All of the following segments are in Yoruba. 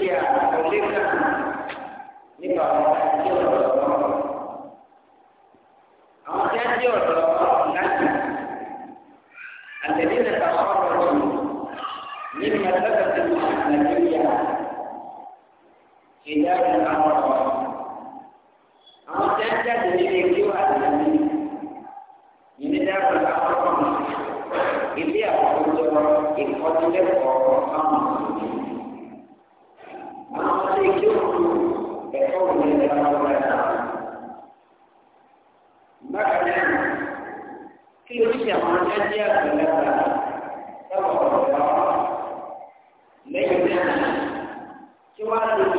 ìyá àkọlẹ́kà nípa àwọn ajé ọ̀dọ́ àwọn tí a jẹ́ ọ̀dọ́ láti àtẹ̀lé nípa ọ̀rọ̀ ọ̀dọ́ nínú ẹ̀dọ́gbẹ̀sẹ̀ nàìjíríà ìyá Thank you.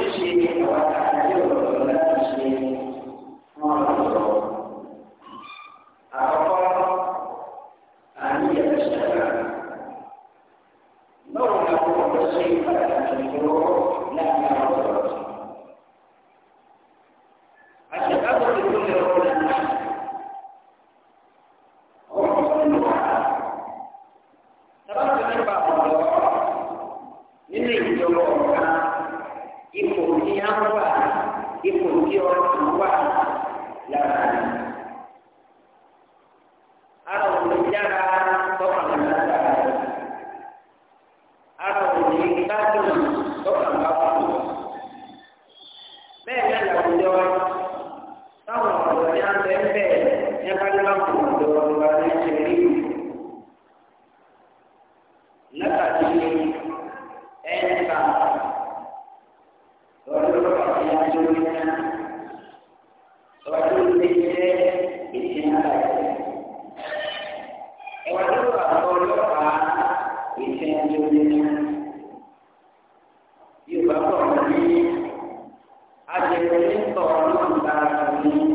ọ̀rọ̀ náà lára ní.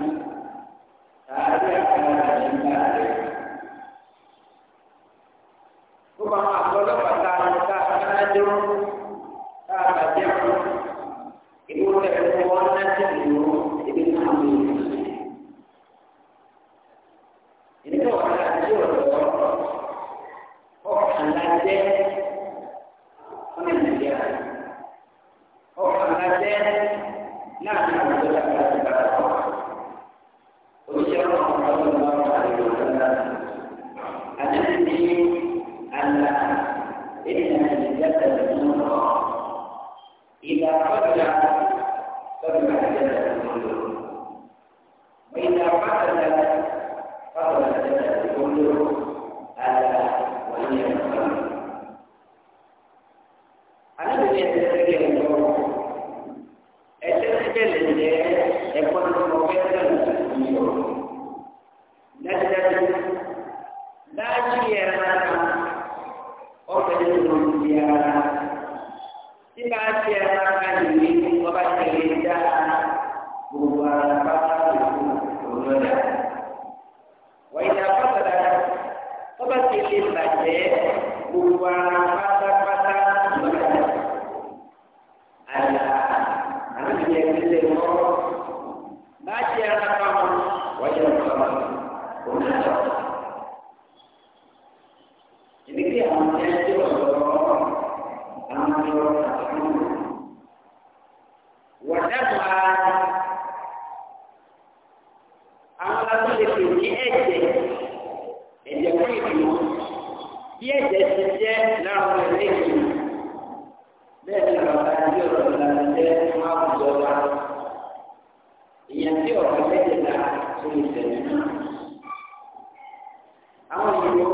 yọ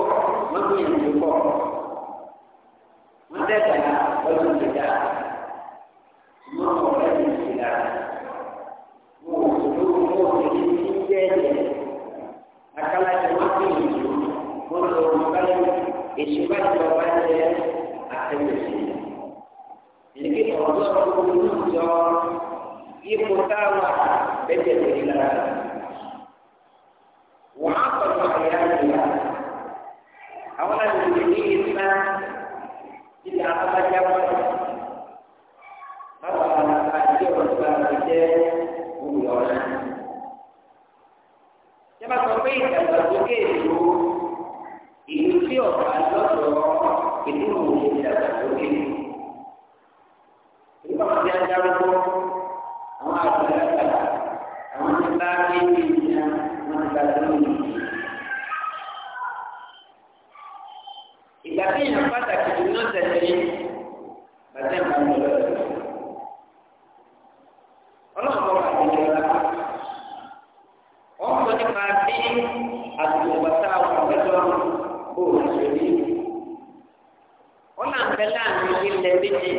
wọ́n ní ìlú pọ̀ wọ́n dẹ́gbà lọ́dún ìjà wọ́n kọ̀ lẹ́yìn ìlà wọ́n ò tó wọ́n ò ní ní jẹ́jẹ́ akálàjẹ wọ́n ní ìlú wọ́n lọ wọ́n bá yẹ èsì bá ti lọ bá yẹ àtẹ̀wẹ̀sì. Ìdíkì ọ̀dọ́ ọ̀dọ́ ìjọ ipò táwa bẹ́ẹ̀ tẹ̀lé lára. Wọ́n á pọ̀ lọ́kọ̀ yára àwọn àgbègbè ní ìlà ìlà abájá wọn báwo la bá jẹ ọgbà jẹ olùyọrẹ. Yẹ́nbà sọ pé ìdàgbàsókè ìlú ìlú tí ọ̀gá lọ́dọ̀ ìlú òye ìdàgbàsókè. Nígbà wọn ti ajá gbogbo àwọn àgbẹ̀ lágbàlá àwọn ti bá méjì ní àwọn ti bá lóyún. ìgbà tí èèyàn pàtàkì jù náà tẹ̀lé bàtẹ́ ìgbà mi lọ sí. ọlọ́run bọ̀ wà ní ìjọba wọ́n sọ nípa bí àtùkù bàtà òkúta bò wọ́n ṣe rí. wọ́n là ń bẹ láàrin lílẹ̀ méjì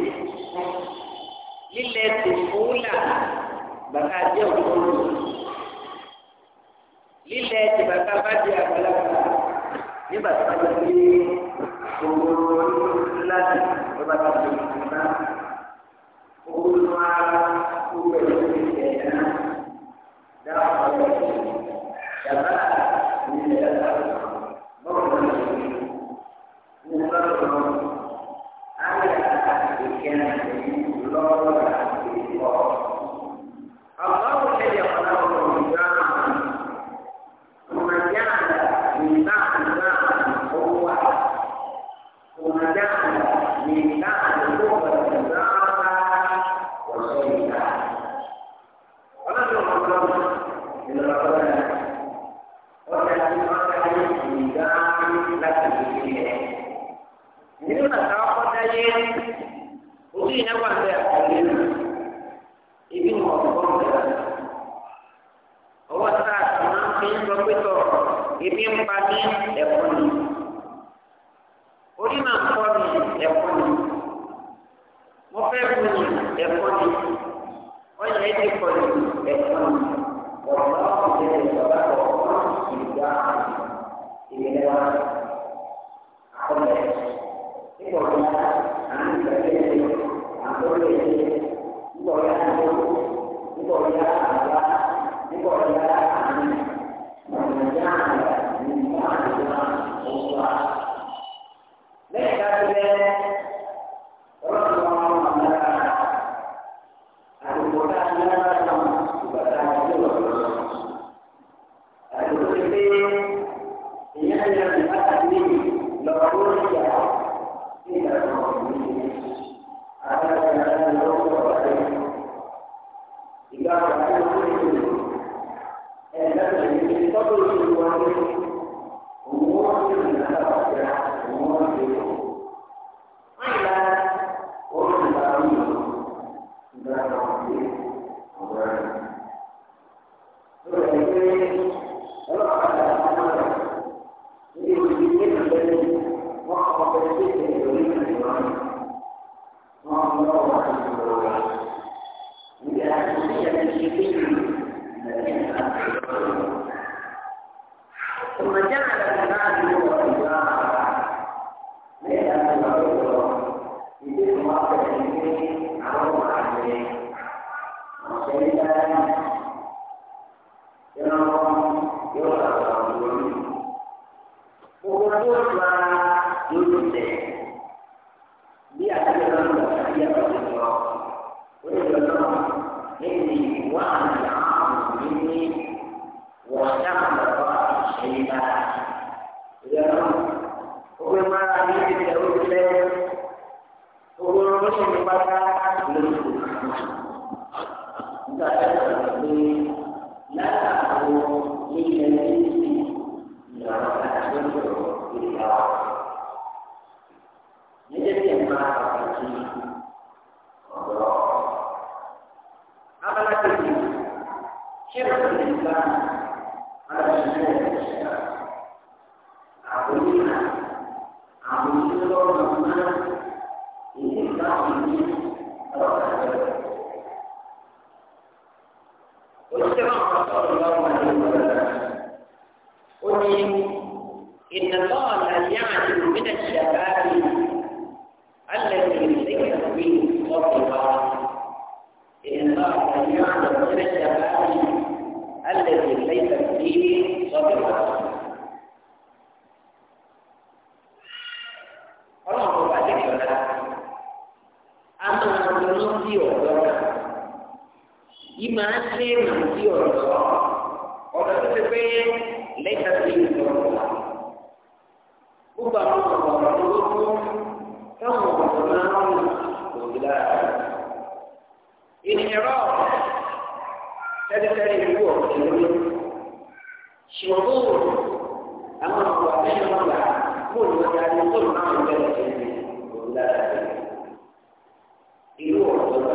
lílẹ̀ tòfúlà bàtà jẹ́ òkúta lílẹ̀ tìbàtà bá di àgbàlagbà nígbà tó bá ti rí gbogbo olówó láti lọ́ba tó ti mú un náà owó inú ara owó ẹ̀rọ ti tẹ̀ ẹ̀ náà dáhùn ọ̀rọ̀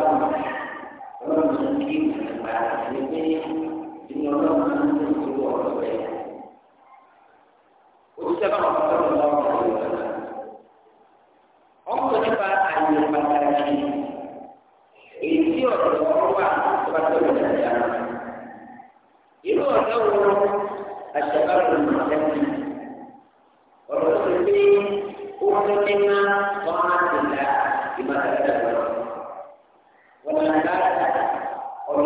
Orang-orang ini, orang-orang yang mengenal Allah, di mana ada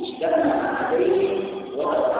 بإشكال عليهم وقد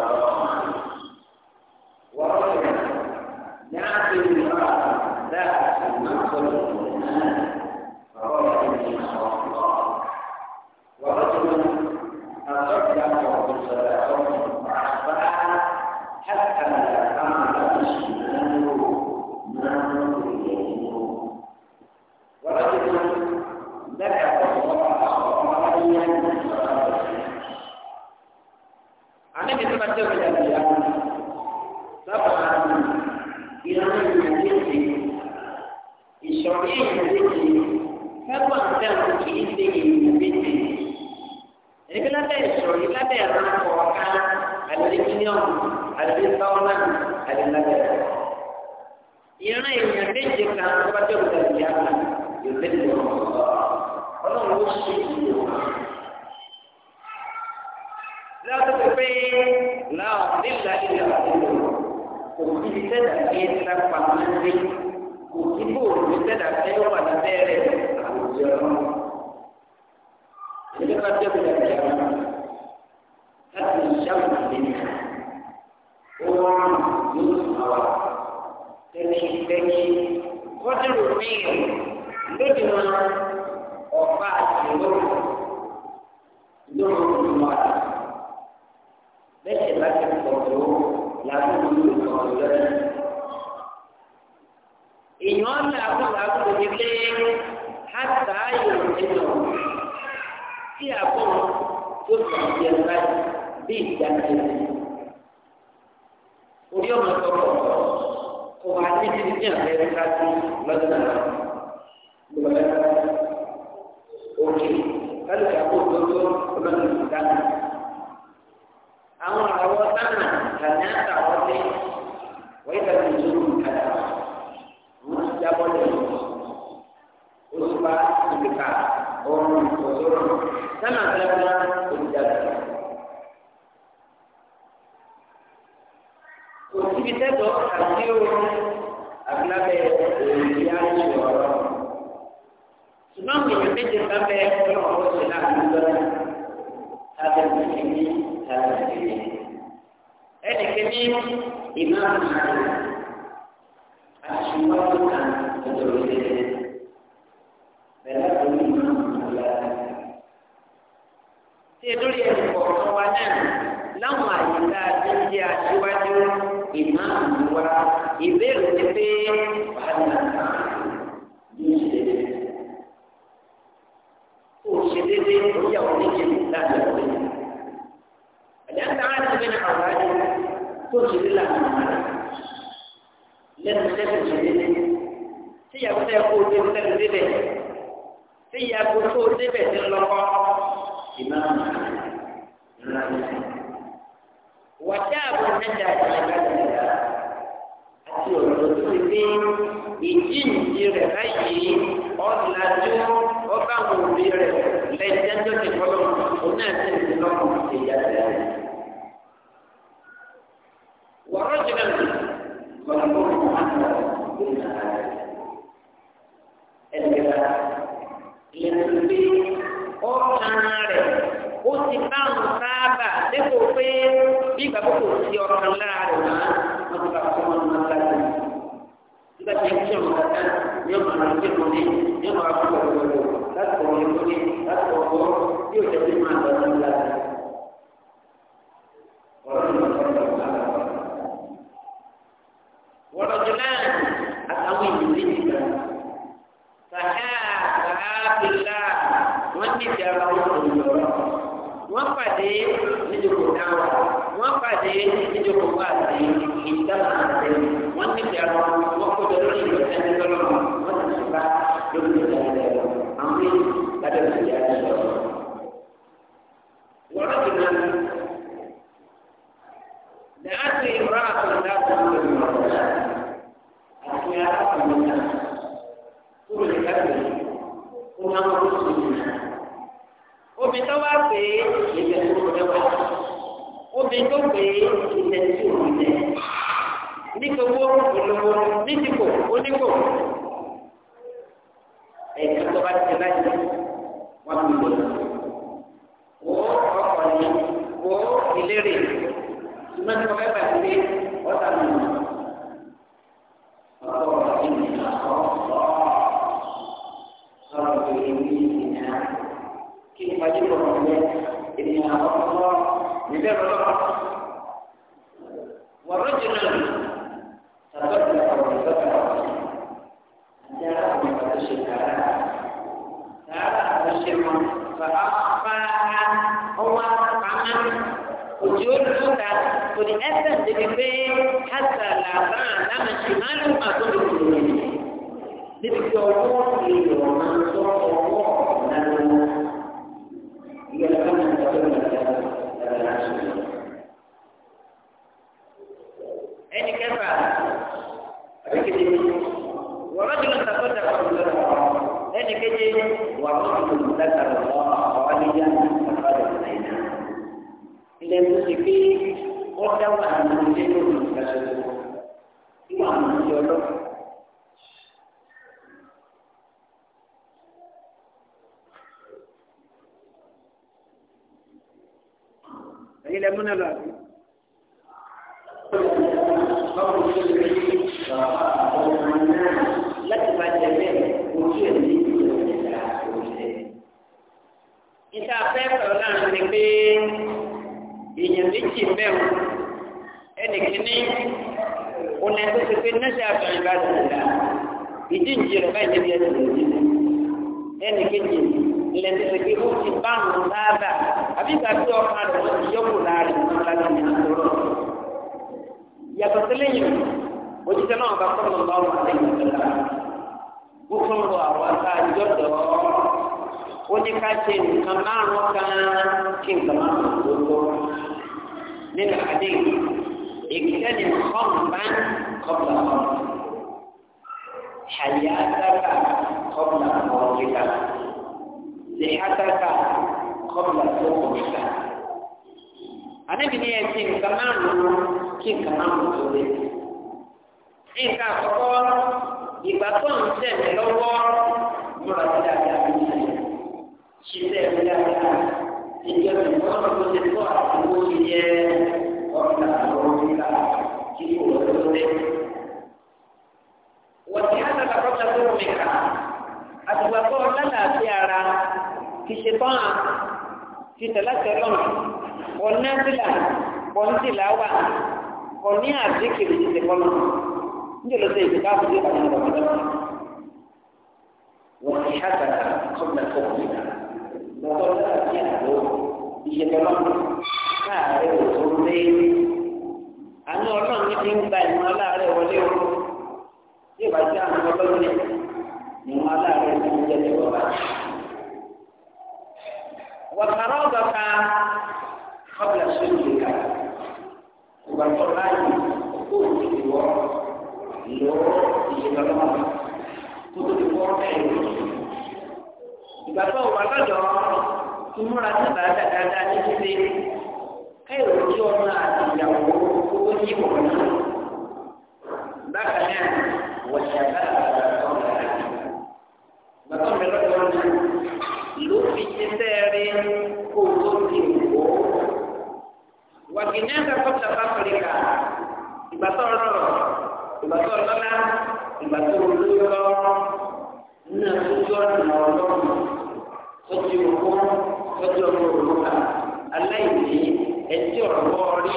lọ́dún pé láwọn nílà ìlà àdúgbò kò sí sẹ́dà bí ẹni lápá máa ń dé kò sí bò ní sẹ́dà bí ẹni wà lábẹ́ rẹ̀ àwùjọ náà. ìdílé ká jẹ́ bìlẹ̀ bí ẹni láti ìṣàmù ìdílé ó wọ́n yóò sùn àwà tẹ́lifíṣẹ́lì wọ́n rò mí lójú wọn ọ̀pá àti ìlú ìlú ìlú àti. èèyàn làákùn làákùn ní pé hàtà yóò nínú tí àbọ̀ tó sàn jẹ báyìí bí ìdájọ́ orí ọmọ tọkọ kò wá ní ti ní àbẹ̀rẹ̀ kájú lọ́dún àwọn àwọ sánà kàní àtàwọn lé wọ́n yíká ní ìlú kàdà wọ́n ti jábọ́ lé oṣù bá ìdíkà ọ̀run ọ̀sọ́rọ̀ sánà kàdà olùdàgbà. òsibí tẹ́tọ̀ àti òun àbílábẹ́ òyìnbíyá ní ọ̀rọ̀ ṣùgbọ́n kò ní méje sábẹ́ ọlọ́run ọ̀sẹ̀ láti ń lọ́rọ̀ lábẹ́ òṣèlú sàlàyé ẹnì kejì ìmáàmù náà aṣíwájú kan lọ́dọ̀ ilé bẹ̀rẹ̀ lórí ìmáàmù náà lára. tí edori ẹ̀sìn kọ̀ọ̀kan wa náà láwọn àyíká tó ń jẹ́ aṣíwájú ìmáàmù wa ìbéèrè ti pé wàhálà náà ní ìṣẹ̀lẹ̀. kò ṣe déédéé ó yà wọ́n ní kí n dáná lórí. من حوادث ترشد الله من لأنه شكل شديد tíyàwó tẹ kó o débi tẹnu débẹ̀ tíyàwó tó o débẹ̀ ti lọkọ ìmọ̀ ńlá ní sẹ wàtí àbò nẹjà ìgbàgbà nìyà àti ọ̀rọ̀ tó ti gbé ìdí ìdí rẹ̀ báyìí ọ̀làjú ọba àwọn òbí rẹ̀ lẹ́jẹ́ tó ti kọ́ lọ́wọ́ òun náà ti lọ́kọ̀ ìyá rẹ̀. rẹ̀ ó ti báwọn sáábà dépò pé bí ìgbà kókò sí ọkàn láàrin wọn wọn ti bá fún wọn ní ọjà tó nígbà tí wọn kí ọmọ kàkà ní ọmọ àwọn ọmọdé wọn ní ní ọmọ àbúrò wọn láti ọmọ láti ọmọ bí òjò tó máa lọ sí ọjà tó. pàdé níjókòó dáwà wọ́n pàdé níjókòó pàdé ìdáhà àtẹ wọ́n níbi àwọn wọ́n kọjọ lórí ìlú ẹni lọ́lọ́ wọ́n ti ti bá lórí ìlú ẹni lọ́lọ́ àwọn èyí lábẹ́ òṣèlú ẹni lọ́lọ́. wọ́n ti nà lẹ́yìn ìrọ̀ àtúndà tó ń lò ní ọ̀rọ̀ àti arákùnrin náà kúrò ní káàkiri kó máa ń obìnrin tó wá pé ìbẹ̀rù kò lẹ́wà obìnrin tó pé ìbẹ̀rù kò lẹ́ ní gbogbo olówó ní dìbò onígbò ẹ̀ka tó bá ti láyé wọ́n ti lò wó ọkọ̀ ni wó ìlérè ṣùgbọ́n tí wọ́n fẹ́ bàtí ọ̀tá mi ọ̀tọ̀ ìgbìmọ̀ ọ̀tọ̀ في مجيب المؤمنين إن الله ببر ورجل تبدل وتبدل جاء بفتشكها جاء بشر فأخفاها هو عمل وجود ولأسف تجيبين حتى لا تعلم شمال ما تدرك níbi tí ọwọ́ ìlú ọ̀nà tó ọwọ́ ìlànà ẹni kẹfà àbíkejì wọ́rọ́ jùlọ sàkóso àkọsílẹ̀ ẹni kejì wà fún ìdàgbàsókè àwọn àníyá àbá ìdàgbàsókè náà ilé tó ti pé ó dáwà nínú ilé lórí ìdàgbàsókè ìwà àwọn ìjọ ọlọ́pàá. يعلمون ذلك láti bá jẹ bẹ́ẹ̀ ojú ẹ̀ ní ìlú ìṣẹ̀lẹ̀. Níta fẹ́ sọ̀rọ̀ náà ni pé èèyàn méjì mẹ́rin ẹnì kìíní ọ̀nà tó ti pé náṣẹ́ àfẹ́rẹ́ bá ti dà ìdí ìjì rẹ̀ báyìí níbi ẹ̀sìn ìdí ẹnì kejì ilẹ̀ tó ṣe pé ó ti bá àwọn láàbà àbí ìgbà tí ọkàn rẹ̀ wọ́n ti yọ̀kù láàrin wọn láti ní àtọ́rọ̀. yàtọ̀ sílẹ̀ yìí òṣìṣẹ́ náà bá kọ́ lọ́wọ́ àwọn àlejò ìjọba gbogbo ń lọ àwọn àgbà ìjọdọ̀ ó ní ká ṣe nǹkan márùn kan kí nǹkan márùn gbogbo nínú àdé ìkẹ́ni kọ́ǹbán kọ́bùlà kọ́bùlà àyà sábà kọ́bùlà kọ́bùlà lèhátàkà kọ́bùlà tó kọ̀ níta. Àníbi ni ẹ̀sìn nǹkan máa ń lò kí nǹkan máa ń lò tó lé. Nǹkan àkọ́kọ́ ìgbà tó ń tẹ̀lé lọ́wọ́ múra sí dáadáa ní ìlú. Ṣiṣẹ́ mi dáadáa ìjọ ìgbọ́nà tó ti tọ́ àtúntò ti yẹ ọ̀gá àwọn níta kí kò lọ́wọ́ lé. Wọ́n ti hátàkà kọ́bùlà tó kọ̀ níta àtùgbà kọ́ lálàáfíà ara ti ṣe tán à ti tẹ̀lé tẹ̀lọ́n kọ́ nẹ́fìlà kọ́ nítìlá wà kọ́ ní àdékèrè ti tẹ̀kọ́ lọ níjẹ́ ló ṣe ìdíkà àbújá ìbàdàn ìrọ̀ mọ́tò wọ́n ti ṣàtàkà sọ́kùnà tó kù nígbà lọ́kọ́ lálàáfíà àlọ́ ìṣe tẹ̀lọ́n káàárẹ̀ òtún lé àánú ọlọ́run ti ń gba ìmọ̀ láàárẹ̀ wọlé o yóò bá jẹ́ àwọn ọlọ́run ìwọn aláàárẹ̀ ti ń jẹ́ ní bàbá. wàkàrà ọ̀gàkà kọ́bìlà sórí ìka ìgbà tó láàyè kó o ti wọ́ lọ́wọ́ ìṣèjọba lọ́wọ́ kó o ti wọ́ ẹ̀rọ. ìgbà tó wà lọ́dọ̀ ìmúra tó bá bàbá mi lọ́dọ̀ wọn ni ló fi ṣiṣẹ́ rí kó tó ti wò ó. wàgìnyá ń kakọ́ South Africa ìgbà tó rọrọ̀ ìgbà tó lọ́lá ìgbà tó lóyọ́ nínú àtúntò ọ̀nà ọlọ́run tó ti wò ọmọ òrùka aláìní ẹtí ọ̀rọ̀ rí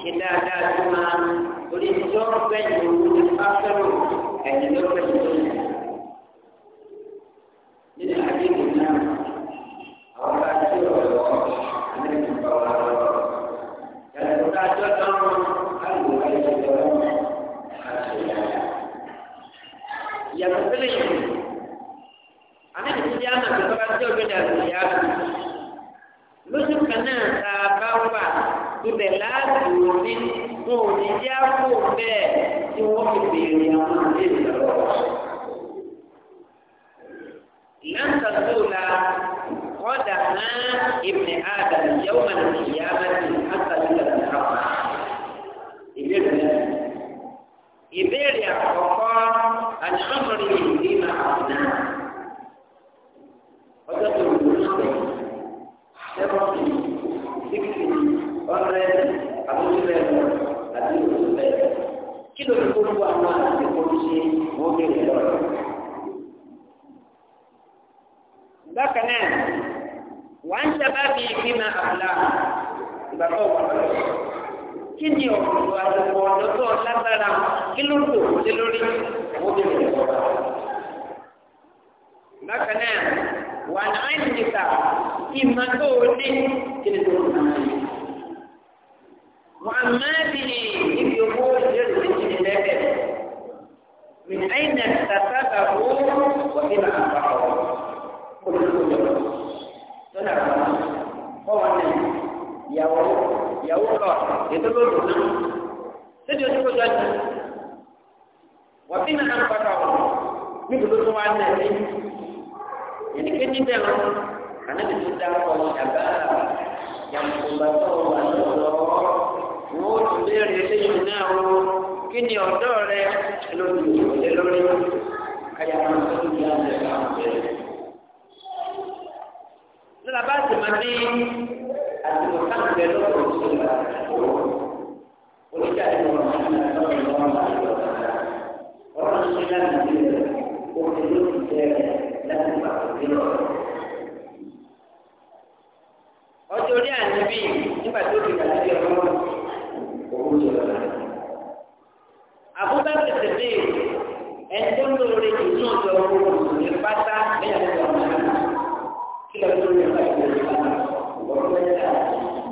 ṣe dáadáa tó máa orí tí ó ń fẹ́ ìlú ní pásítọ̀ ẹ̀yìn ló fẹ́ ọjọ́ orí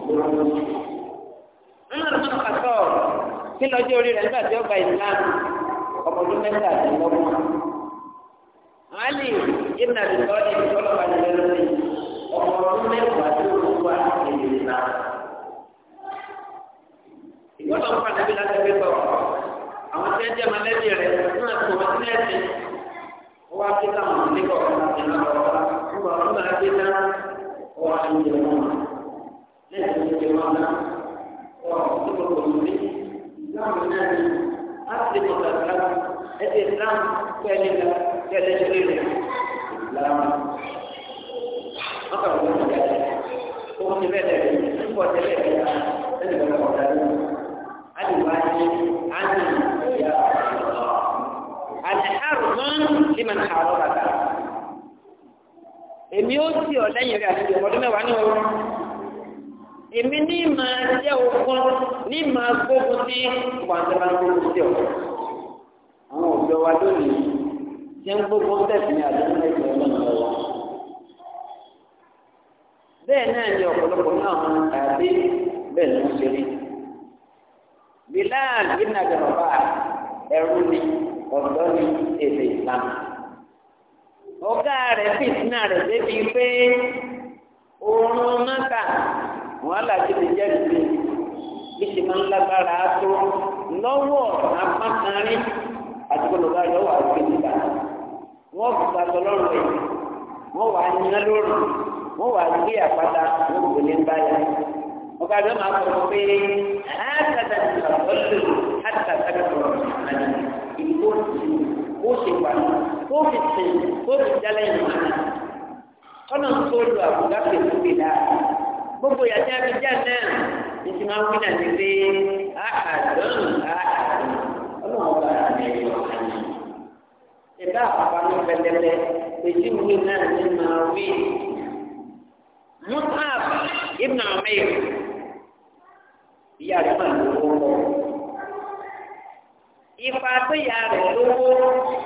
Umar bin Khattab kí lọ́jọ́ orí rẹ̀ nígbà tí ó gba Islam ọmọ ọdún mẹ́ta àti lọ́gbọ̀n. Ali ibn Abi Talib ìtọ́lọ́pàá ní lẹ́nu ní ọmọ ọdún mẹ́wàá tí ó wà nínú Islam. Ìgbọ́dọ̀ ń padà bí láti ẹgbẹ́ bọ̀. Àwọn tí wọ́n jẹ́ malẹ́bí rẹ̀ náà kò wọ́n sílẹ̀ sí. Ó wá sí káwọn nígbà ọ̀gá àti lọ́wọ́. Ó wà fún àgbẹ̀ náà. Ó wà fún ìjọba náà èmi ó sì ọ̀ lẹ́yìn rẹ̀ àti ìwọ́dún mẹ́wàá ní ọrùn èmi ní máa jẹ́ ọkọ ní máa gbógun sí wà ní máa gbógun sí ọ. àwọn òjò wa lónìí ṣe ń gbógun tẹ̀sí ní àdéhùn ẹgbẹ́ ọlọ́run lọ́wọ́. bẹ́ẹ̀ náà ni ọ̀pọ̀lọpọ̀ náà mú àbí bẹ́ẹ̀ ló ń ṣeré. Bilal ibn Abi ẹrú ni ọ̀dọ́ ni èdè ìlànà. ọ̀gá rẹ̀ fìtínà rẹ̀ débi pé oorun náà kà wọn là ti lè jẹ́ ìgbé bí ti máa ń lágbára tó lọ́wọ́ apákanrin àti gbọdọ̀gbà yọ̀wọ̀ àti ìgbà wọn gbà tọlọ́run rẹ̀ wọn wà ní lórí wọn wà gbé àpáta wọn kò ní báyà ọba rẹ máa sọ pé àádọ́ta ti sọ lọ́lọ́ àtàtà sọ̀rọ̀ àná ìbò tì ó ṣe wà ó fi tì ó fi jálẹ̀ ìmọ̀ ọ̀nà tó lu àbúgbà pẹ̀lú ìlà gbogbo yàtí abidjan náà ìsì máa ń wí náà ní pé àádọ́nù àádọ́nù ọlọ́run bá a lè yọ ọ̀hánì. ìbá àpapọ̀ ní pẹlẹbẹ èyí wí náà ní máa wí. Mus'ab ibn Umair ìyá rẹ̀ máa lówó lọ. ipa pé ìyá rẹ̀ lówó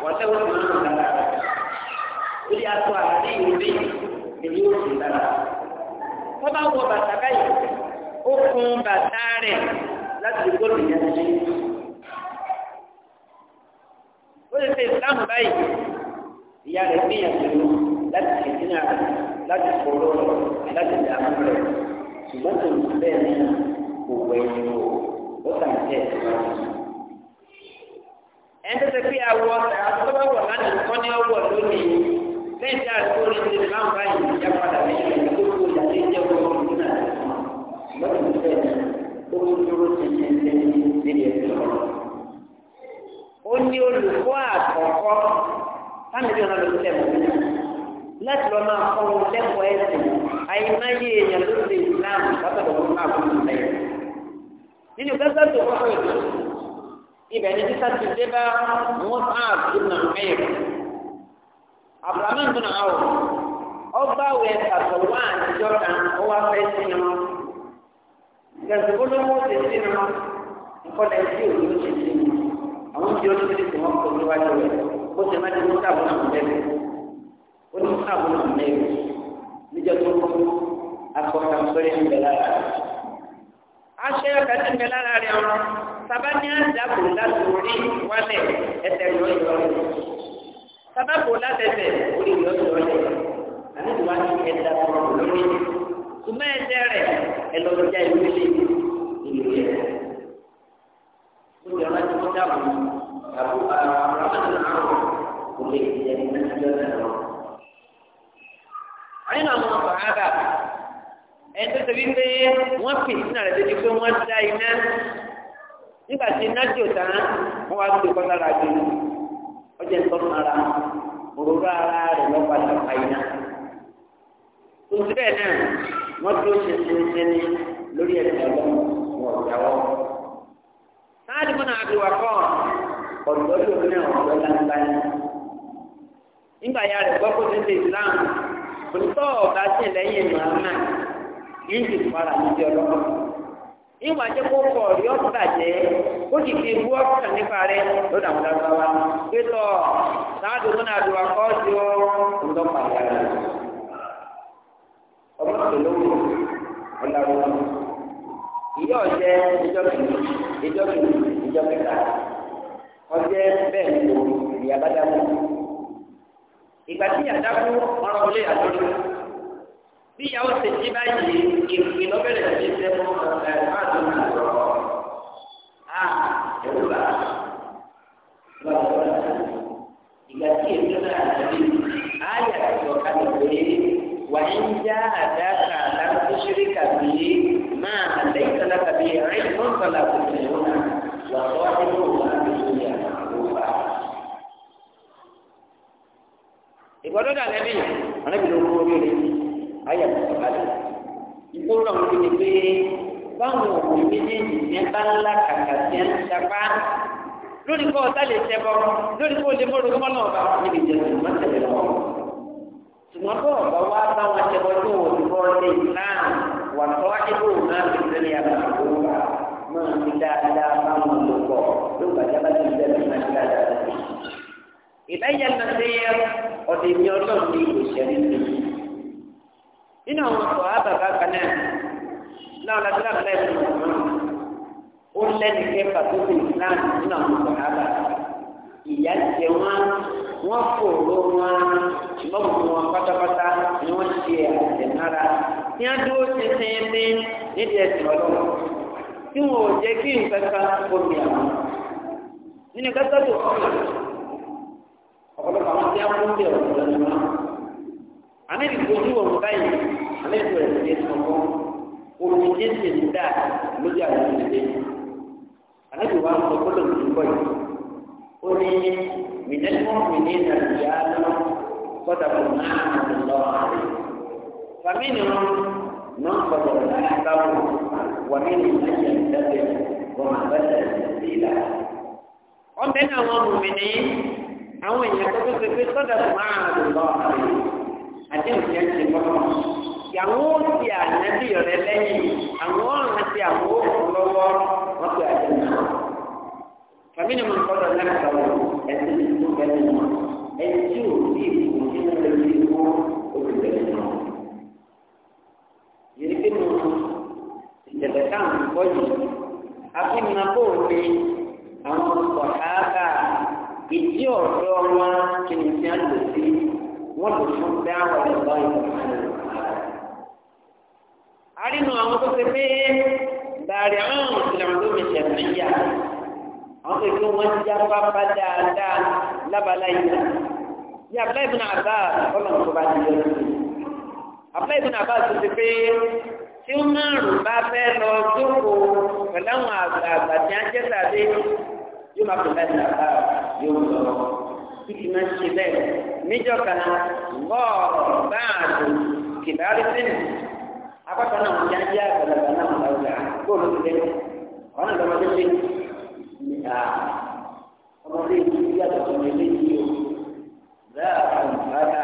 wọ́n tẹ́wọ́ sí máa ń lọ lára. ó yà tó àárín ìwé èyí ó sì lára wọ́n bá wọ bàtà báyìí ó fún bàtà rẹ̀ láti lè gbọ́dọ̀ yẹn ṣe. ó lè ṣe ìsìlámù báyìí ìyá rẹ̀ gbìyànjú láti ṣe dínà láti fọ̀rọ̀ láti dààmú rẹ̀ ṣùgbọ́n tó ń bẹ́ẹ̀ ní òwò ẹ̀yìn o ó tàn jẹ́ ìsìlámù ẹni tẹ́tẹ́ pé awọ àtọ́wọ́ wọ̀ láti kọ́ ní ọwọ́ lónìí lẹ́yìn tí a tó ní ti máa ń bá ìyá padà lẹ́yìn ìgbà tó lọ́dún sẹ́yìn ó ń dúró títí títí níbi ẹ̀sìn ọ̀rọ̀. ó ní olùkọ́ àkọ́kọ́ fámìlì ọ̀nà ló tẹ̀ mọ́ láti lọ máa kọ́ wọn lẹ́kọ̀ọ́ ẹ̀sìn àyèmáyé èèyàn ló ṣe Islam látọ̀dọ̀ wọn máa kọ́ wọn lẹ́yìn. nínú gbẹ́gbẹ́ tó kọ́kọ́ ìlú ibẹ̀ ni títà ti dé bá Mus'ab ibn Umair Abdulrahman bin Awf ọgbà wẹ̀ sàtọ̀ wá àtijọ́ kan ó wá fẹ́ sí wọn. Ìgbàgbọ́ olówó ti sí ma nǹkan lẹ́yìn tí òun ti sí ma. Àwọn oúnjẹ olóṣèlú tí wọ́n kọ́ níwájú rẹ̀ ó ti má ti mú sáàbù náà lẹ́nu. Ó ní sáàbù náà lẹ́nu. Níjọ́ tó kọ́ akọ̀ọ̀kà sọ́rí ń bẹ lára rẹ̀. Aṣọ ẹ̀ka ti ń bẹ lára rẹ̀ ọ̀rọ̀. Sábà ní àdàbò láti orí wálẹ̀ ẹsẹ̀ yọ ìrọ̀lẹ́. Sábà kò látẹ̀sẹ̀ orí ṣùgbọ́n ẹsẹ̀ rẹ̀ ẹ lọ́dọ̀ já ìlú ilé ìlú rẹ̀. Mo yọ̀rọ̀ ti kọjá wọn àbú àrùn àrùn kò lè jẹ ìdájọ́ náà lọ. Àyìn àwọn ọkọ̀ ága ẹ̀ńtọ́ tẹ̀lé pé wọ́n fi ìsìnà rẹ̀ débi pé wọ́n dá iná. Nígbà tí iná jò tán, wọ́n wá gbé kọ́ lára jù. Ọjà ń tọ́ ara, òróró ara rẹ̀ lọ́pàá wọ́n tó ṣe ṣeṣeni lórí ẹ̀sìn ọlọ́run wọn jáwọ́. sáàdì mọ́nà àdìwà kọ́ ọ̀dọ́ lòun náà ọ̀dọ́ láńláńlá. nígbà ya rẹ̀ gbọ́ kó ti ṣe Islam olùtọ́ ọ̀gá sí lẹ́yìn fara ọlọ́run. jẹ́ kó kọ̀ rí jẹ́ ó sì fi wú nípa rẹ̀ dáadáa mọ́nà àdìwà kọ́ olóòwò ọ̀làwọ̀ ìyá ọ̀jẹ́ ìjọkìlì ìjọkìlì ìjọkìlà ọjẹ́ bẹ́ẹ̀ ni kò ìyá bá dákú ìgbà tí ìyá dákú ọ̀rọ̀ wọlé àtọ́jú bí ìyàwó ṣe jí báyìí ìrìn lọ́bẹ̀rẹ̀ sí ṣe fún ẹ̀ẹ́dẹ́gbàdùn àtọ́jú a ẹ̀rù ìgbà tí èmi náà àtọ́jú ayé àtọ́jú ọ̀kadì lórí وإن جاهداك لم تشرك به ما ليس لك به علم فلا تطيعهما وصاحبهما بالدنيا معروفا. ìgbọ́dọ̀ dà lẹ́bí ọ̀nẹ́bí ló kúrò lórí ayé àtúntò kalẹ̀ ìkórè ọ̀hún ti di pé báwọn òbí méjèèjì yẹn bá ńlá kàkà sí ẹ̀ ń sapá lórí kọ́ ọ̀tá lè ṣẹ́ bọ́ lórí kó o lè mọ́ orogún mọ́ náà bá níbi ìjẹun ṣùgbọ́n tó ọ̀gá wá bá wọn ṣẹbọ tó wò ní bọ́ọ̀lì náà wà tó àdébò náà ti tẹ̀lé àbàkù wà máa fi dáadáa bá wọn lò pọ̀ yóò gbàjá bá ti bẹ̀rẹ̀ máa fi dáadáa lò pọ̀. ìdáyà náà yẹ ọ̀dẹ̀ mi ọlọ́run ní ìṣẹ̀lẹ̀ mi. nínú àwọn ọ̀sọ̀ àbàbà kan náà láwọn lábẹ́lá bẹ́ẹ̀ ti mọ̀ ó lẹ́nu kẹfà tó fi ìlànà nínú àwọn ọ̀sọ̀ àbà ìyá jẹ wọn wọ́n fòrò wọn ìmọ̀bùkún wọn pátápátá ni wọ́n ṣe àtẹ̀mára ní adúró tẹ́tẹ́ẹ́tẹ́ níbi ẹ̀sìn ọlọ́run tí wọn ò jẹ́ kí nǹkan kan omi àwọn nínú kẹ́kẹ́ tó kọ́ ọ̀pọ̀lọpọ̀ àwọn tí wọ́n ń bẹ̀ ọ̀dọ́ ni wọn. àmì ìgbójú wọn báyìí àmì ìgbó ẹ̀sìn ọkọ omi dáa lójú àwọn قولي من المؤمنين رجال صدقوا ما عهد الله عليه فمنهم من صدق نحبه ومنهم من ينتبه وما بدل سبيلا wọ́n bẹ́ẹ̀ náà wọ́n mú mi ní àwọn èèyàn tó tó ṣe pé sọ́dọ̀ tó máa ń lò lọ́wọ́ àlè àti nìyẹn ti gbọ́dọ̀. ìyàwó ti ànábì rẹ lẹ́yìn àwọn ọ̀ràn ti àwọn òkú lọ́wọ́ wọ́n pe àjẹmọ́. فمن من قضى نفسه أن يسوق منه أن يسوق فيه ومن الذي يكون أبدا منه يمكن ìjẹ̀bẹ̀tàn kọjú akínnakóò pé àwọn ọ̀háàkà ìdí ọ̀dọ́ wọn kìnnìkì àlò sí wọ́n lò fún dáhùn ọ̀dọ́ ìgbàlódé. arínú àwọn tó ṣe pé bàrẹ̀ àwọn ìlànà tó fi ṣẹ̀fẹ̀ yà àwọn kèké wọn ti já pápá dáadáa lábala yìí náà yà abúlé ibùnà àbá ọlọ́run tó bá ti yẹ lórí abúlé ibùnà àbá tó ti pé tí ó márùn bá fẹ́ lọ jókòó pẹ̀lú àwọn àgbà tí a jẹ́ sàdé yóò máa pè láti àbá yóò lọ títí máa ń ṣe bẹ́ẹ̀ níjọ́ kan bọ́ọ̀ bá náà wọ́n ti á jẹ́ àgbàlagbà náà wọ́n lọ́wọ́ gbà kó olóògbé ọ̀nà ìdọ́mọdé ṣe níta ọmọdé yìí yàtọ̀ tó lé léyìí o bẹ́ẹ̀ fún bàtà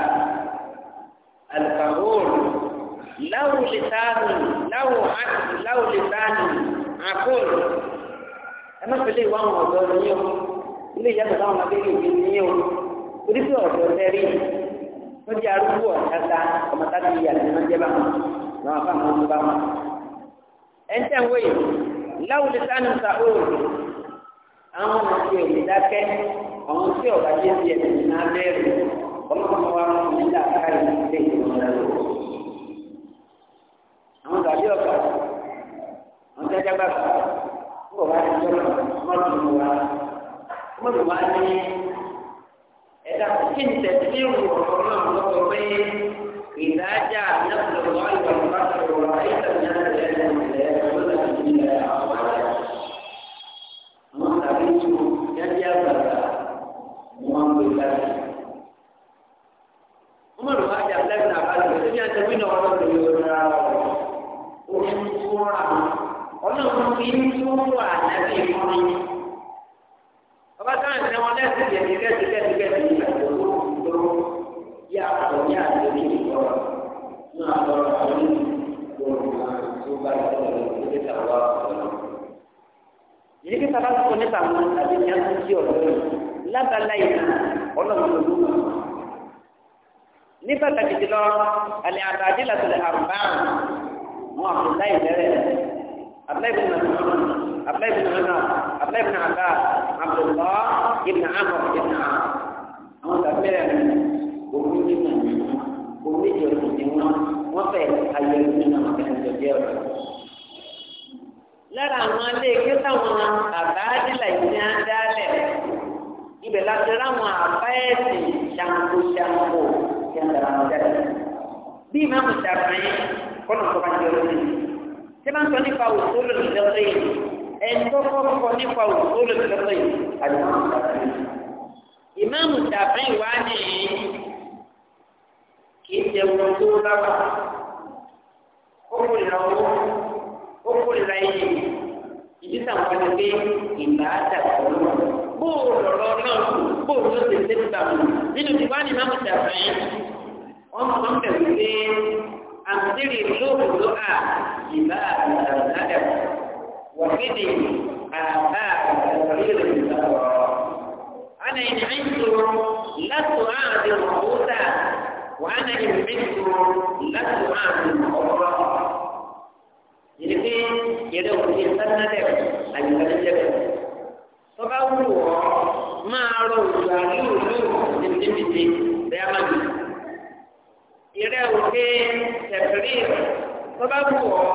alukahol láwù lè sáànù láwù àti láwù lè sáànù àkóòl ẹ má fẹlẹ ìwà àwọn ọ̀dọ́ ní o ilé ìyàtọ̀ táwọn akéwì òbí ní o orí fún ọ̀dọ́ tẹ́rí wọ́n di arúgbó àwọn àti òní dákẹ́ àwọn tí ọ̀gá jẹ́ ti ẹ̀sìn náà bẹ́ẹ̀rù ọlọ́mọ wa mú mi dá káyọ̀ nílé ìgbìmọ̀ àwọn tàbí ọ̀gá àwọn tí ajá gbà kọ́ ọ̀ wá ti jọ́ mọ́tò wa mọ́tò wa ní ẹ̀dá kí n tẹ̀sí ìwọ̀ ọ̀rọ̀ náà lọ́kọ̀ pé ìdájà náà lọ́wọ́ ìwà ọ̀rọ̀ náà ti láti. wọ́n mọ̀rọ̀ wá jà lẹ́yìn náà bá lọ́wọ́ ní àti wíńdò wọn lọ́wọ́ lórí ọ̀rọ̀ ara wọn. òun tó rà wọn ọlọ́run fi ń tó wà lábẹ́ ìfọ́n yín. ọba táwọn ìṣẹ́ wọn lẹ́sìn kẹ̀kẹ́ kẹ́sì kẹ́sì kẹ́sì ìgbàgbọ́ lóró yá àpò ní àgbẹ̀bí ìgbọ́rọ̀ náà lọ́rọ̀ àwọn ìlú ìgbòho Jadi ini lábala yìí ọlọ́run ló lù ní pàtàkì jùlọ àlẹ́ àbájá làtọ̀lẹ̀ àrùbáàrùn wọn àbúlá ìbẹ̀rẹ̀ abúlá ìbùnà abúlá ìbùnà ọ̀nà abúlá ìbùnà àbá àbùlọ́ ìbùnà àmọ̀ ìbùnà àwọn tàbílẹ̀ òun ní mọ̀ òun ní jọ ìdí wọn wọn fẹ́ ayọ̀ ìbùnà ìbùnà jẹ ọ̀rọ̀ lára àwọn alẹ́ kí táwọn àbájá làyìn ní á dálẹ̀ ibẹ̀ láti ráwọn àbáyẹ̀sì ṣàǹkó ṣàǹkó tí a ń dara wọn jáde. bí ìmáàmù ṣàfihàn kọ́nà tó bá jẹ ọdún yìí. tí wọ́n sọ nípa òṣòlò ìlọ́sọ yìí ẹni tó kọ́kọ́ nípa òṣòlò ìlọ́sọ yìí àdìmọ́ ṣàfihàn. ìmáàmù ṣàfihàn wá ní kì í jẹun tó láwà. ó kò lọ ó kò lọ ẹyìn ìdí sàǹkó ni pé ìgbà bóò lọ̀rọ̀ náà bóò ló ṣe ṣe ti bàbá nínú ìwà ni máa ń ṣe àfẹ́yìn wọn kàn ń bẹ̀rù pé àǹtírì lóòrùn ló hà ìbá àdàdà wàfíìdì àbá àdàdà ìbá أنا إن عشت لست أعد الرؤوس وأنا إن مت لست أعد الأخرى يعني يدعو في السنة أن يتجدد tọ́ba wù ọ́ máa rọ òwúrọ̀ àríwòlú tètèmíte bẹ́ẹ̀ má dùn. ìrẹ́ òkè tẹ̀fẹ̀rí rẹ̀ tọ́ba wù ọ́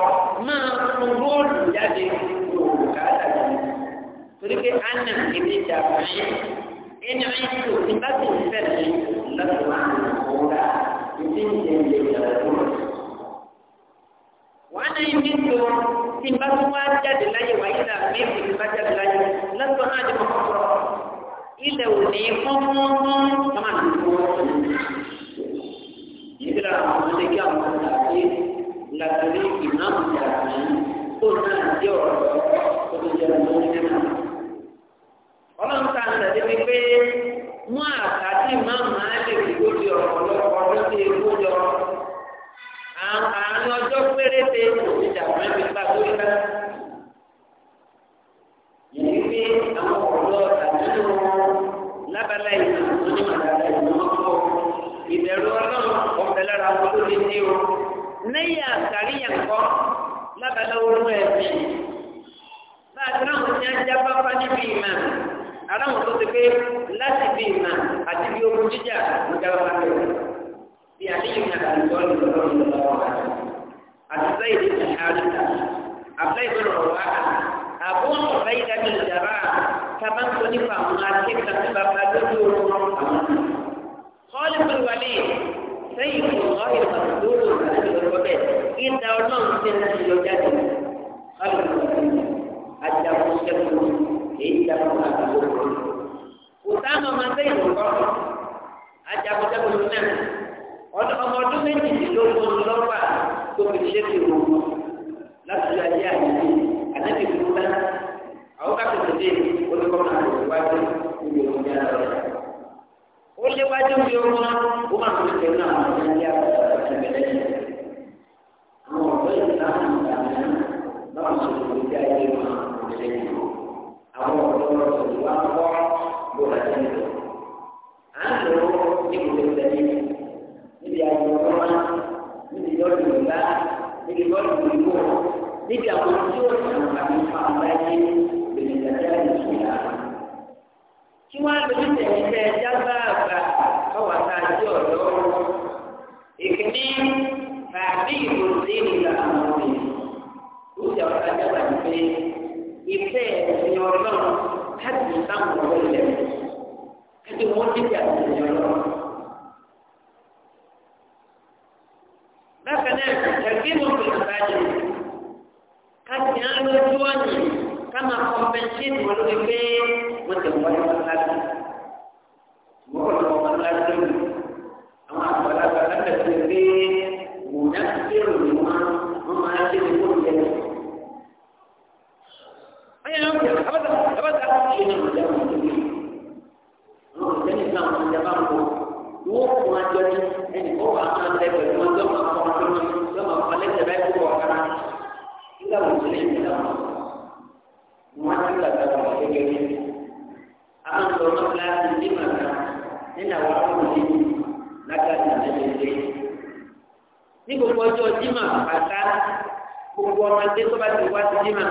máa fún góòlù jáde òwúrọ̀ káàdà torí pé anna èmi jà fún yín ẹni ọ̀yìn tí o ti bá ti ń fẹ̀lẹ̀ lọ́dọ̀ máa ń kóra ìdí ìdí ìdí ìdàgbọ́. wàá náà yín bí tó ti bá tún wá jáde láyé wáyé náà méjì bá jáde ilẹ̀ ò ní fúnfúnfún máa ń bọ̀ níbi lára àwọn ọmọdé kí àwọn ọmọdé àti làtúrí ìmáàmù dàbí kó náà jẹ́ ọ̀rọ̀ tó ti jẹ́ ọmọ nílẹ̀ náà. ọlọ́run ta ń tẹ̀lé mi pé wọ́n àtàtì ìmáàmù á lè fi lóde ọ̀pọ̀lọpọ̀ lóde ìgbójọ. àárín ọjọ́ péréte tó lé ní o lẹ́yìn àtàrí yẹn kọ́ lábàlá orú ẹ̀mí bá a ti ráhùn ní ajá pápá níbi ìmọ̀ aráhùn tó ti pé láti bí ìmọ̀ àti bí ogun jíjà ló dá wá lọ bí àdéhùn ní àtàlùkọ́ ní ọ̀rọ̀ ìlọ́wọ́ àti sẹ́yìn ní ìhárìkà àbúlé ìgbọ́dọ̀ wá àbúrò ọ̀bẹ yìí dájú ìjàrá tábà ń sọ nípa àwọn akéka tó bá bá lójú oorun àwọn. kọ́ọ̀lù pẹ̀lú wálé sẹ́yìn kò lọ́ ìfàdé lórí ìfàdé lọ́wọ́ bẹ́ẹ̀ kí n da ọlọ́run tẹ́ láti yọ jáde báwo ni ajabu sẹ́kù èyí dàgbà àdúgbò kò sáànù ọmọ sẹ́yìn kọ́ ajabu sẹ́kù náà ọmọ ọdún méjìdínlógún lọ́wọ́ tó fi ṣe fi wò láti yọ ayé àyè àdébìkú náà àwọn bá tètè dé olùkọ́ máa wájú ìgbèrò ní ara rẹ̀ ó léwájú bí ó wọn ó máa fi ṣe náà àwọn ọmọ ilé àgbàdo àti ìbẹ̀rẹ̀ yìí àwọn ọ̀dọ́ ìsìláàmù ìgbàlẹ̀ náà ṣe lè fi ayé wọn ṣe yìí àwọn ọ̀dọ́ ọ̀sẹ̀ ìwà ń kọ́ bó ra ṣe ń lọ. à ń lò ó ní ìwé ìtẹ̀lé níbi àyè ọ̀rọ̀ níbi lọ́ọ̀dù ìgbà níbi lọ́ọ̀dù ìgbò níbi àwọn tí ó ṣàǹfààní fún àwọn ẹni lè kí wọ́n á lóyún tẹ̀lé jágbá àgbà ọwọ́ tá a jẹ́ ọ̀dọ́ ìkíní bàbí ìròyìn ìlà àwọn ọmọ yìí ó ti àwọn ajábà ní pé ìfẹ́ ẹ̀sìn ọlọ́run láti sáwọn ọmọ ilẹ̀ ẹni wọ́n ti di àtẹ̀yìn ọlọ́run. bákan náà ẹgbẹ́ mi ò fi ìbàdàn ká sì á lójú ọ̀nà ká máa kọ́mpẹ́ńtì wọn lórí pé wọ́n ti wọ́n ní wọn láti wọ́n kọ́ lọ́wọ́ wọn láti lórí àwọn àgbàlagbà láti ṣe pé wọ́n yá kéré ní wọn wọ́n máa ṣe ní kó lè lọ. wọ́n yẹn lọ́wọ́ abáta abáta ṣe ní ìjọba wọn lórí wọn kò sẹ́ni sáà wọn ìjọba wọn wọ́n kò wọn jọ ní ẹnì kó wà á máa lẹ pẹ̀lú wọn tó máa kọ́ wọn tó máa kọ́ lẹ́sẹ̀ báyìí kó wọ́n kára nígbà wọ́n ti lè ní ìjọba wọn. nínú àwọn akókòtì lágbàdì àlẹ́lẹ́lẹ́. ní gbogbo ọjọ́ jimá pàtà gbogbo ọmọdé tó bá ti wá sí jimá.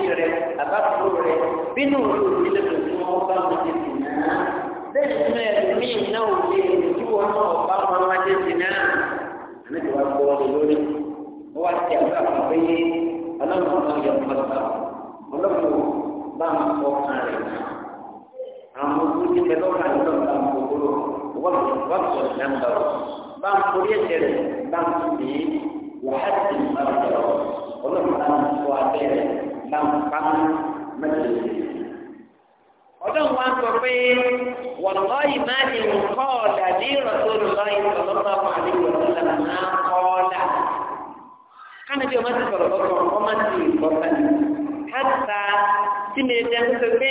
àbí rẹ àbáfúró rẹ bínú olóògbé lẹ́nu tí wọ́n bá wọn ṣe sì náà bẹ́ẹ̀ ni mẹ́rin mí náà ò lè tí wọ́n náà bá wọn wá ṣe sì náà àmì wá gbọ́ wọn lórí wọ́n wá ti àbúrò àwọn pé ọlọ́run náà yọ pọ̀tà ọlọ́run bá ń kọ́ kan rẹ̀ àwọn olùdíje bẹ́ẹ̀ lọ́kàn lọ́kàn bá ń kókóró wọ́n wọ́n sọ̀rọ̀ náà ń bá ń forí ẹ̀jẹ̀ rẹ̀ bá ń tún bìí wọ́n láwọn pamọ́ mẹ́tẹ̀ẹ̀tẹ̀. ọlọ́run wa ń sọ pé wàlọ́ọ̀yì máa ní nǹkan ọ̀dà ní ìrọ̀tò olùlọ́yì sọ̀lọ́tà wà ní ìrọ̀tò náà kọ́ọ̀dà. kánàbí ọmọ ti sọ̀rọ̀ lọ́kọ̀ ọmọ ti gbọ́ sani. kátà tí mi jẹ́ ń sọ pé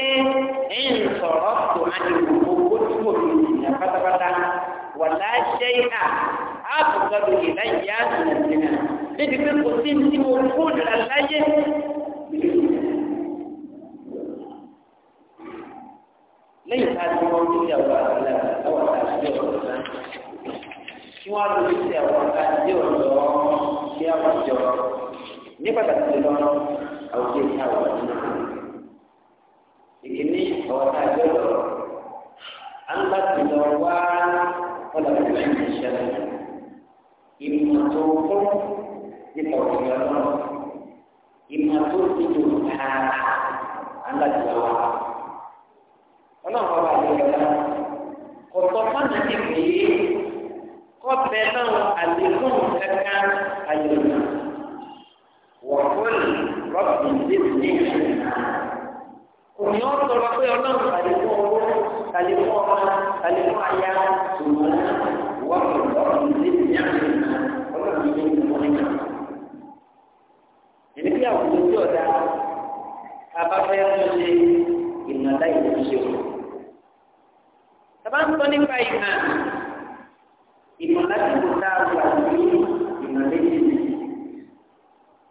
ń sọ̀rọ̀ tó á ní gbogbo tí mo fi ìyá pátápátá wà láṣẹ́ ìhà àbùkọ́ lóye láyé á níbi pé kò sí ní mo kó láyé lẹ́yìn tá a ti wọ́n tó ní àwọn àgbàlá àwọn àgbàlá ọ̀dọ́ náà kí wọ́n á lórí sí àwọn àgbàlá ọ̀dọ́ kí àwọn jọ ní pàtàkì lọ́nà àwùjọ ìta àwọn ọ̀dọ́ náà. ìkíní ọ̀rọ̀ àjọ ọ̀rọ̀ à ń láti lọ wá ọ̀làkùnrin láti ṣẹlẹ̀ ìmọ̀ tó kọ́ nípa òkè ọ̀nà ìmọ̀ tó ti dùn tààrà à ọlọ́run ọba àlejò ọ̀tọ̀ fáwọn ti pè é kọ́bẹ náà àlékún kankan àyẹ̀wò wọ̀kọ́lì rọ́bì lẹ́sìn ní ìṣẹ̀lẹ̀ òní ọ̀ sọ̀rọ̀ pé ọlọ́run àlékún owó àlékún ọmọ àlékún aya ṣùgbọ́n wọ́pọ̀ rọ́bì lẹ́sìn ní ìṣẹ̀lẹ̀ ọlọ́run ní ìṣẹ̀lẹ̀ nígbà. ìdílé àwùjọ tí ọ̀dà abáfẹ́ ń ṣe. nípa ìmọ̀ ìmọ̀ láti kó tá a wà ní ìmọ̀ méjì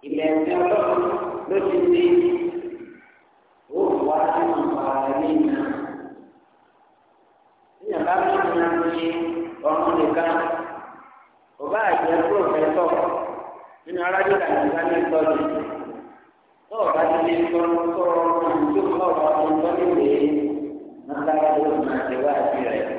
ilẹ̀ ẹ̀sìn ọlọ́run ló ti di ó wà nínú ọ̀rọ̀ ní ìmọ̀ níyàn bá mi ní àmì ọ̀run nìkan ọba àjẹ kúrò fẹ́tọ̀ nínú arájú kàdúrà ní ìtọ́jú tó ọba ti lè sọ sọ ọ̀run tó ń bá ọ̀run tó ń bọ́ nílé nígbà tó ń ti wá àti rẹ̀.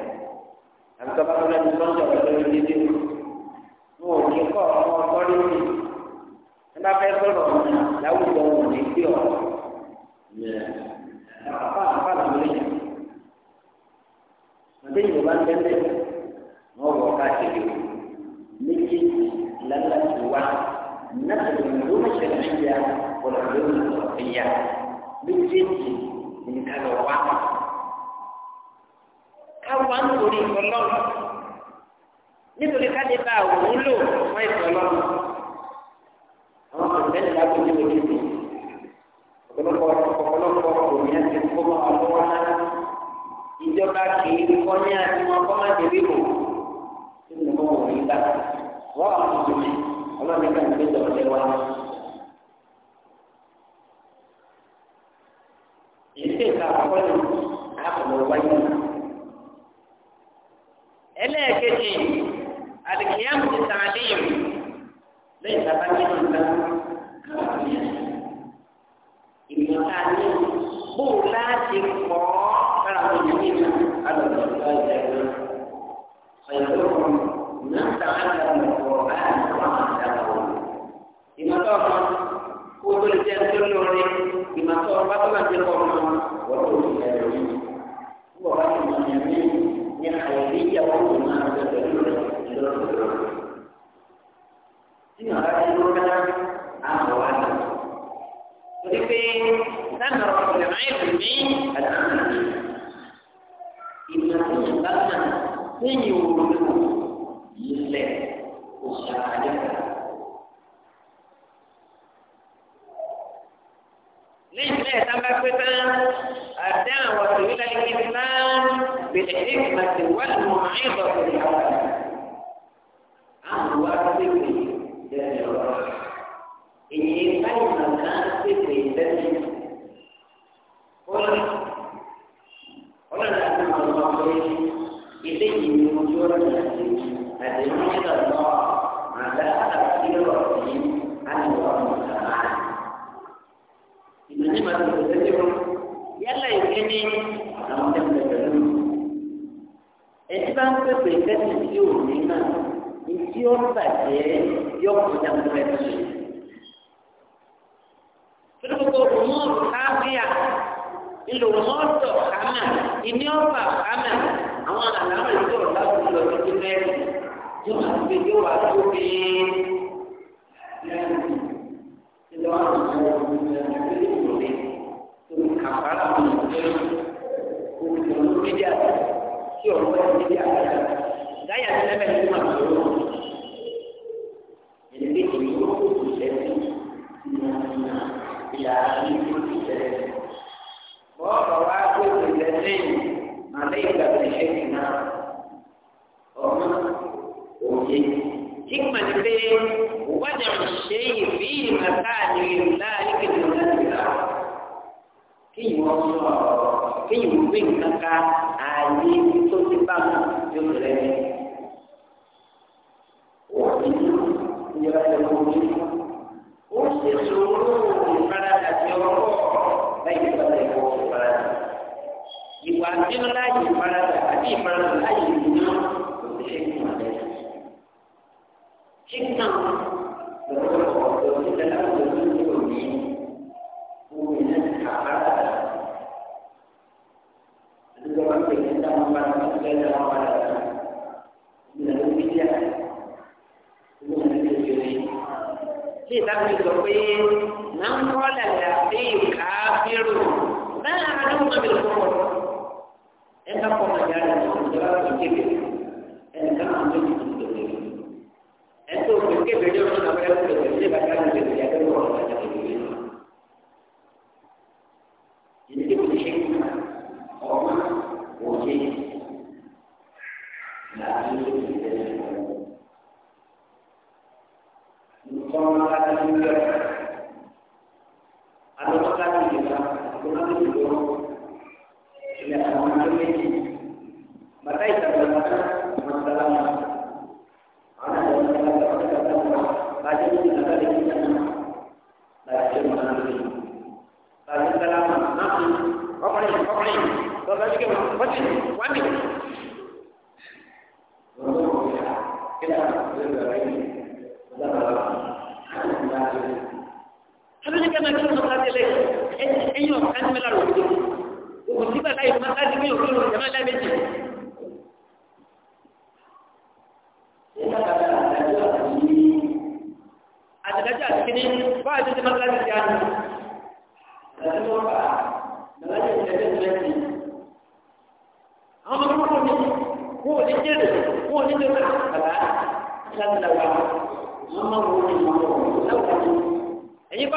ìyàwó tó ń bẹ̀rẹ̀ lórí Tí ìyàwó bá ti dúró náà, á kan. ẹ̀ta bá pé tán àdá àwọn ìlú ilé islam bèèrè ìgbà tí wọ́n mú àìbọ̀ sí àwọn àwọn wa pépè lẹ́nu ọ̀rọ̀ èyí báyìí màkà pépè lẹ́nu ọ̀rọ̀ ọlọ́run àti màmá pé ilé yìí ni mo jọ́ ọ̀rọ̀ àti àdéhùn ìlànà àdá. hikmatu mutajjirun yálà ìfẹ́ ní àwọn ẹgbẹ̀rún ẹtí bá ń pèpè ìfẹ́sì tí ò ní náà ìdí ó bàjẹ́ yọ kọjá pẹ́ sí. Fúnukọ́ rùmọ́ọ̀rù káfíà ìlò rùmọ́ọ̀tọ̀ kámà ìní ọ̀fà kámà àwọn àlàáfíà ìlú ọ̀la kò lọ sí ti mẹ́rin yóò máa gbé yóò wá tó bí dídí àti tí ọ̀rọ̀ wọ́n dídí àti gáyà ti lẹ́mẹ̀ ní màmá lọ́wọ́ ẹni pé èyí ó kó kó sẹ́sì nínú ìyá àti kó kó sẹ́sì. bọ́ọ̀rọ̀ wa kó kó sẹ́sì màmá ìgbà tó ṣe é náà ọmọ òye. hikma ni pé wájà ṣe ìbí ìmọ̀ta àyè ńlá ní kìnnìkan ní ìlà kí ìwọ́n sọ ọ̀rọ̀ kéèyàn gbé nǹkan ká ààyè tó ti bá wọn yóò bẹ̀rẹ̀ ní. ó ti ní ìjọba tó kọ ojú ó sì sọ̀rọ̀ ìfaradà tí ọ̀rọ̀ láyé ìfaradà ìwọ ìfaradà. ìwà nínú láyé ìfaradà àti ìfaradà láyé ìdùnnú kò sí ṣe kí n bẹ̀rẹ̀. ṣé We.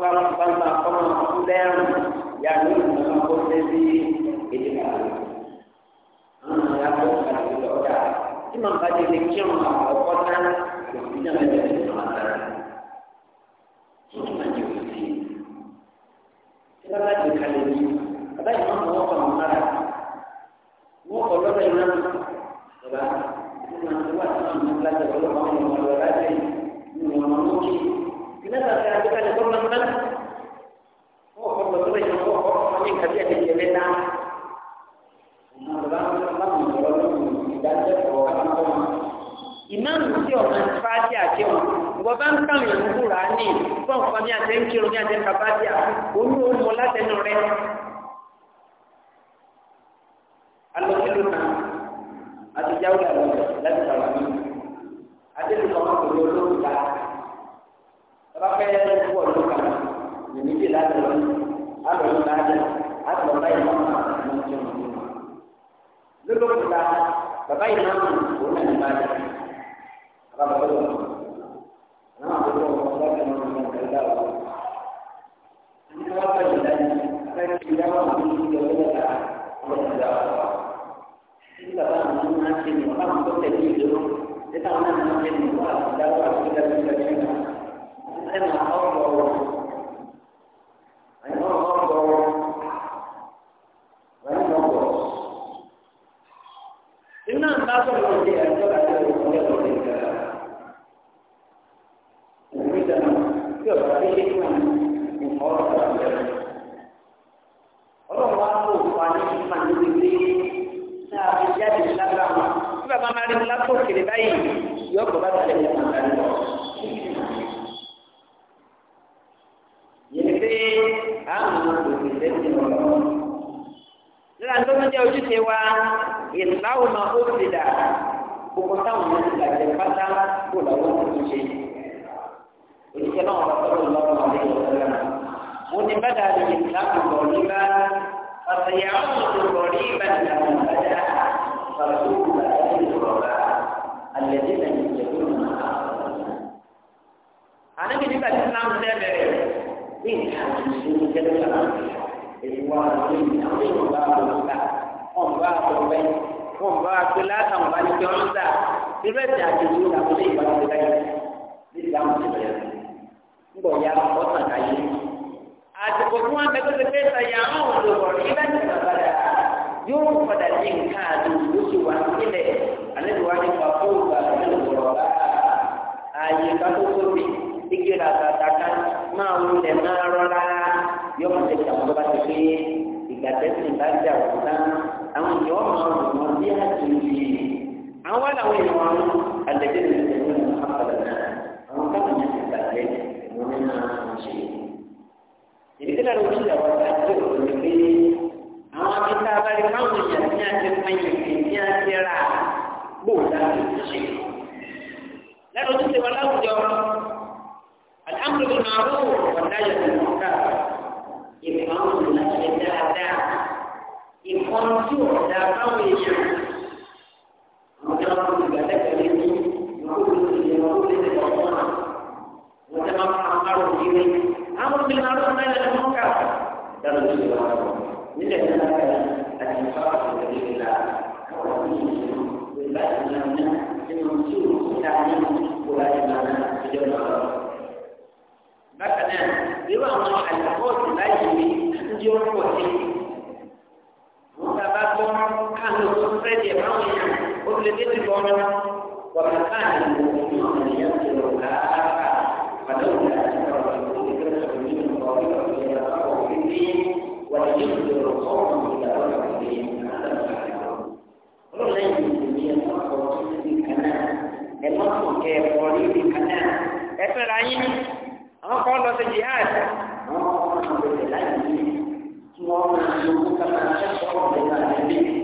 kọ́mọ bá wọn bá wọn kọ́mọ kú lẹ́rù ya ní ìlú kó tẹ́ sí èdè kàlẹ́. àwọn ọmọ ya kó kàlẹ́ lọ dà tí màá bá dé kí wọn àkọ́kọ́ náà kò sí náà lẹ́yìn tó máa dára. tí wọn máa jẹ kó sí i. tí wọn bá dé kàlẹ́ yìí bàbá yìí máa fọwọ́ kàn wọn lára. wọn kọ lọ́dọ̀ yìí náà bàbá tí wọn máa wà sí ìlú lájọ ọlọ́pàá wọn lọ́dọ̀ lájọ yìí ni kí ìnáwó àti àgbékalẹ̀ tó máa ń náà wọ́n kọ́ lọ sọ́dọ̀ ìyàwó ọkọ̀ wọn ní nǹkan bí ẹ̀jẹ̀ jẹ mẹ́ta. ìmáàmù tí ọ̀nà fàájì àti ọ̀nà ìwọ̀n bá ń kàwé ìrúkúra ní fọ́nfọ́n ní àti ń kírun ní àti ń kàbájà olú ọmọ látẹnu rẹ alọ́kílù kan àti jáwé àlọ́ láti sọ̀rọ̀ mi àti ìlú kan kò ní olóògbé bàbá yẹn ló wọ ọdún kan nìmíjì láti lọ alọ ló náà jẹ alọ báyìí wọn máa ń jẹ wọn nínú lóko kúta bàbá yìí máa ń wò náà nípa jẹ bàbá bàbá yìí wọn náà wọn bọ wọn bá tẹnu wọn náà lọ dáwọ ní wọn bá yìí láyé fẹẹ ti yá wọn ní ìdí ọwọ́ náà wọn ti dá wọn ní bàbá àwọn ọmọ náà ṣe ní wọn bá wọn tó tẹ̀lé ìdúró nípa wọn náà wọn ṣe ní wọn àti dáwọ àti dáwọ àti dáwọ أنا أرى àwọn tí ò dá káwọn èèyàn àwọn tí wọn ti gbàgbé tẹ́lẹ̀ ní ìwọ̀n tó ti lè wọn tó ti lè wọn náà wọn ti máa fa àrùn kiri àwọn tí wọn lọ náà lè mọ ká dáná tó ti wọn nílẹ̀ ní láyé àti nípa àtúntò ìlú la káwọn tí wọn ti lè láti náà ní nínú tí ò ti dá nínú kó láti náà ní ìjọba lọ. bákan náà irú àwọn àyàkọ́ ọ̀sìn láyé mi ń jẹ́ ọ̀pọ̀ sí i lò ó fẹ́ di ẹ̀fọ́ àwọn èèyàn ó fi lè dé ti bọ́ ọ́nà wàhálà káàdì ìlú òfin ọ̀nà ìyá ti lọ káàkà àdéhùn láti kọ́ ọ̀rọ̀ ìlú ìgbẹ́ sọ̀rọ̀ nínú ọ̀rọ̀ ìlú àwọn òfin ní wàhálà yóò lè rọ̀ ọ̀rọ̀ ìlú àwọn òfin ọlọ́run lẹ́yìn ìlú yẹn wọ́n kọ́ ọtún níbi kan náà ẹ̀ mọ́tò kẹ́ ẹ̀ pọ̀ níbi kan náà ẹ fẹ́ ra yín àwọn kan lọ sí jihad àwọn kan lọ sí láyé yìí tí wọ́n máa ń lo kókàtà ṣẹ́kọ̀ọ́ ọ̀gbẹ́ náà lẹ́yìn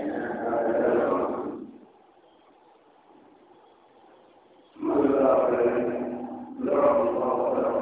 الله